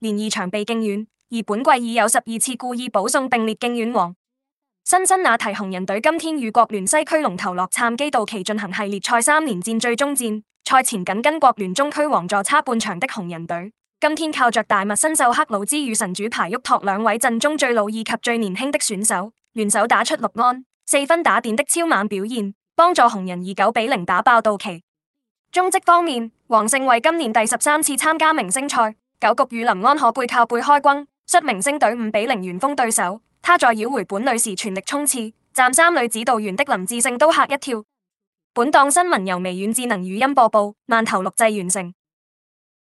連二場被敬遠，而本季已有十二次故意保送並列敬遠王。辛辛那提紅人隊今天與國聯西區龍頭洛杉磯道奇進行系列賽三連戰最終戰，賽前緊跟國聯中區王座差半場的紅人隊，今天靠着大麥新秀克魯茲與神主牌沃托兩位陣中最老以及最年輕的選手聯手打出六安四分打點的超猛表現，幫助紅人以九比零打爆道奇。中職方面，王勝偉今年第十三次參加明星賽。九局與林安可背靠背開轟，率明星隊五比零完封對手。他在繞回本壘時全力衝刺，站三壘指導員的林志勝都嚇一跳。本檔新聞由微軟智能語音播報，慢投錄製完成。